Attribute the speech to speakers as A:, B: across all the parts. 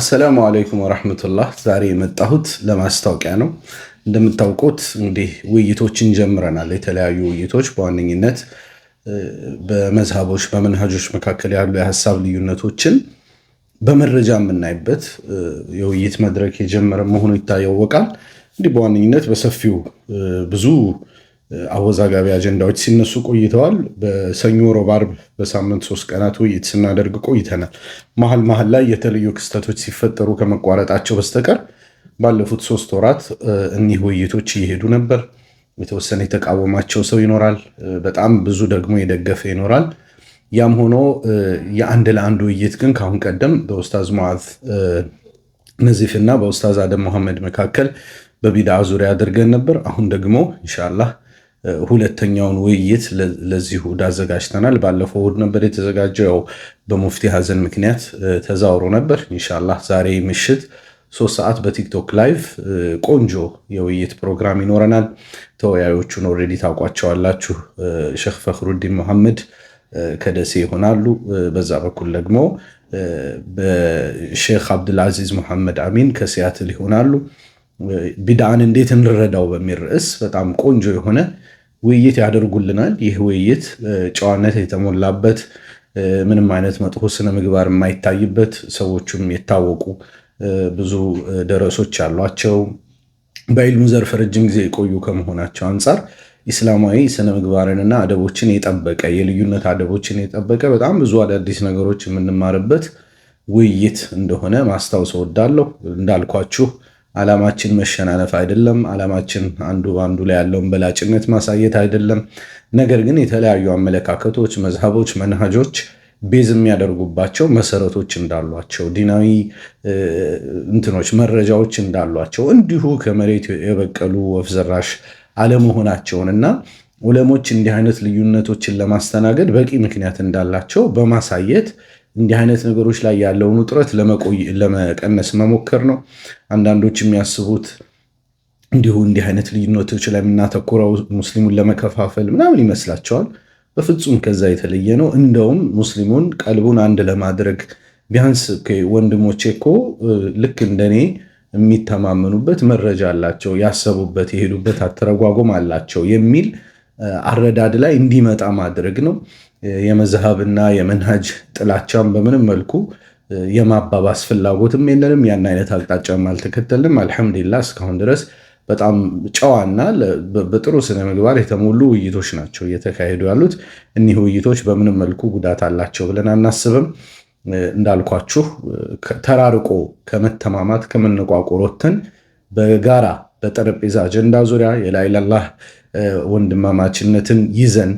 A: አሰላሙ አለይኩም ወረሕመቱላህ። ዛሬ የመጣሁት ለማስታወቂያ ነው። እንደምታውቁት እንግዲህ ውይይቶችን ጀምረናል። የተለያዩ ውይይቶች በዋነኝነት በመዝሃቦች በመንሃጆች መካከል ያሉ የሀሳብ ልዩነቶችን በመረጃ የምናይበት የውይይት መድረክ የጀመረ መሆኑ ይታወቃል። እንዲህ በዋነኝነት በሰፊው ብዙ አወዛጋቢ አጀንዳዎች ሲነሱ ቆይተዋል። በሰኞ ሮብ፣ በሳምንት ሶስት ቀናት ውይይት ስናደርግ ቆይተናል። መሀል መሀል ላይ የተለዩ ክስተቶች ሲፈጠሩ ከመቋረጣቸው በስተቀር ባለፉት ሶስት ወራት እኒህ ውይይቶች እየሄዱ ነበር። የተወሰነ የተቃወማቸው ሰው ይኖራል፣ በጣም ብዙ ደግሞ የደገፈ ይኖራል። ያም ሆኖ የአንድ ለአንድ ውይይት ግን ከአሁን ቀደም በኡስታዝ ሙዓዝ ነዚፍ እና በኡስታዝ አደም መሐመድ መካከል በቢድዓ ዙሪያ አድርገን ነበር። አሁን ደግሞ ኢንሻላህ ሁለተኛውን ውይይት ለዚህ ሁድ አዘጋጅተናል። ባለፈው ሁድ ነበር የተዘጋጀው፣ ያው በሙፍቲ ሀዘን ምክንያት ተዛውሮ ነበር። ኢንሻላህ ዛሬ ምሽት ሶስት ሰዓት በቲክቶክ ላይቭ ቆንጆ የውይይት ፕሮግራም ይኖረናል። ተወያዮቹን ኦልሬዲ ታውቋቸዋላችሁ። ሼክ ፈክሩዲን መሐመድ ከደሴ ይሆናሉ። በዛ በኩል ደግሞ በሼክ አብድልአዚዝ መሐመድ አሚን ከሲያትል ይሆናሉ። ቢድአን እንዴት እንረዳው በሚል ርዕስ በጣም ቆንጆ የሆነ ውይይት ያደርጉልናል። ይህ ውይይት ጨዋነት የተሞላበት ምንም አይነት መጥፎ ስነ ምግባር የማይታይበት ሰዎቹም የታወቁ ብዙ ደረሶች ያሏቸው በኢልሙ ዘርፍ ረጅም ጊዜ የቆዩ ከመሆናቸው አንጻር ኢስላማዊ ስነ ምግባርንና አደቦችን የጠበቀ የልዩነት አደቦችን የጠበቀ በጣም ብዙ አዳዲስ ነገሮች የምንማርበት ውይይት እንደሆነ ማስታወስ እወዳለሁ። እንዳልኳችሁ አላማችን መሸናነፍ አይደለም። አላማችን አንዱ አንዱ ላይ ያለውን በላጭነት ማሳየት አይደለም። ነገር ግን የተለያዩ አመለካከቶች፣ መዝሃቦች፣ መንሃጆች ቤዝ የሚያደርጉባቸው መሰረቶች እንዳሏቸው፣ ዲናዊ እንትኖች መረጃዎች እንዳሏቸው እንዲሁ ከመሬት የበቀሉ ወፍ ዘራሽ አለመሆናቸውን እና ዑለሞች እንዲህ አይነት ልዩነቶችን ለማስተናገድ በቂ ምክንያት እንዳላቸው በማሳየት እንዲህ አይነት ነገሮች ላይ ያለውን ውጥረት ለመቀነስ መሞከር ነው። አንዳንዶች የሚያስቡት እንዲሁ እንዲህ አይነት ልዩነቶች ላይ የምናተኮረው ሙስሊሙን ለመከፋፈል ምናምን ይመስላቸዋል። በፍጹም ከዛ የተለየ ነው። እንደውም ሙስሊሙን ቀልቡን አንድ ለማድረግ ቢያንስ ወንድሞቼ እኮ ልክ እንደኔ የሚተማመኑበት መረጃ አላቸው፣ ያሰቡበት የሄዱበት አተረጓጎም አላቸው የሚል አረዳድ ላይ እንዲመጣ ማድረግ ነው። የመዝሃብና የመንሃጅ ጥላቻን በምንም መልኩ የማባባስ ፍላጎትም የለንም። ያን አይነት አቅጣጫም አልተከተልንም። አልሐምዱሊላህ እስካሁን ድረስ በጣም ጨዋና በጥሩ ስነ ምግባር የተሞሉ ውይይቶች ናቸው እየተካሄዱ ያሉት። እኒህ ውይይቶች በምንም መልኩ ጉዳት አላቸው ብለን አናስብም። እንዳልኳችሁ ተራርቆ ከመተማማት ከመነቋቆሮትን በጋራ በጠረጴዛ አጀንዳ ዙሪያ የላይላላህ ወንድማማችነትን ይዘን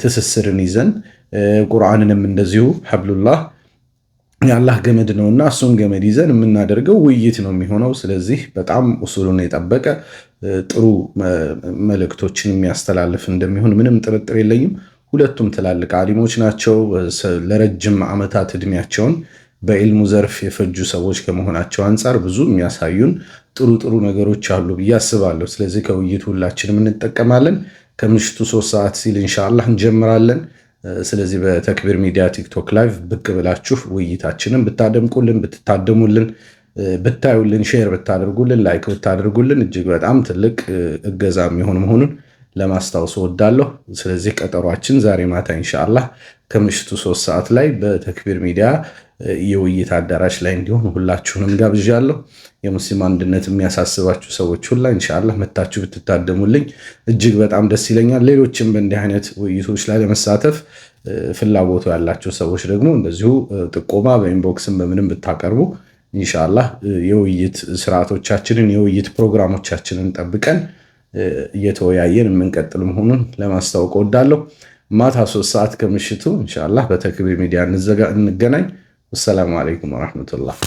A: ትስስርን ይዘን ቁርአንንም እንደዚሁ ሐብሉላህ የአላህ ገመድ ነውና እሱን ገመድ ይዘን የምናደርገው ውይይት ነው የሚሆነው። ስለዚህ በጣም ሱሉን የጠበቀ ጥሩ መልእክቶችን የሚያስተላልፍ እንደሚሆን ምንም ጥርጥር የለኝም። ሁለቱም ትላልቅ አሊሞች ናቸው። ለረጅም ዓመታት እድሜያቸውን በኢልሙ ዘርፍ የፈጁ ሰዎች ከመሆናቸው አንጻር ብዙ የሚያሳዩን ጥሩ ጥሩ ነገሮች አሉ ብዬ አስባለሁ። ስለዚህ ከውይይቱ ሁላችንም እንጠቀማለን። ከምሽቱ ሶስት ሰዓት ሲል እንሻላህ እንጀምራለን። ስለዚህ በተክቢር ሚዲያ ቲክቶክ ላይቭ ብቅ ብላችሁ ውይይታችንን ብታደምቁልን፣ ብትታደሙልን፣ ብታዩልን፣ ሼር ብታደርጉልን፣ ላይክ ብታደርጉልን እጅግ በጣም ትልቅ እገዛ የሚሆን መሆኑን ለማስታወስ እወዳለሁ። ስለዚህ ቀጠሯችን ዛሬ ማታ ኢንሻአላህ ከምሽቱ ሶስት ሰዓት ላይ በተክቢር ሚዲያ የውይይት አዳራሽ ላይ እንዲሆን ሁላችሁንም ጋብዣለሁ። የሙስሊም አንድነት የሚያሳስባችሁ ሰዎች ሁላ እንሻላ መታችሁ ብትታደሙልኝ እጅግ በጣም ደስ ይለኛል። ሌሎችም በእንዲህ አይነት ውይይቶች ላይ ለመሳተፍ ፍላጎቱ ያላቸው ሰዎች ደግሞ እንደዚሁ ጥቆማ በኢንቦክስም በምንም ብታቀርቡ ኢንሻአላህ የውይይት ስርዓቶቻችንን የውይይት ፕሮግራሞቻችንን ጠብቀን እየተወያየን የምንቀጥል መሆኑን ለማስታወቅ ወዳለሁ ማታ ሶስት ሰዓት ከምሽቱ እንሻላ በተክቢር ሚዲያ እንገናኝ። ወሰላሙ አለይኩም ወረሕመቱላህ።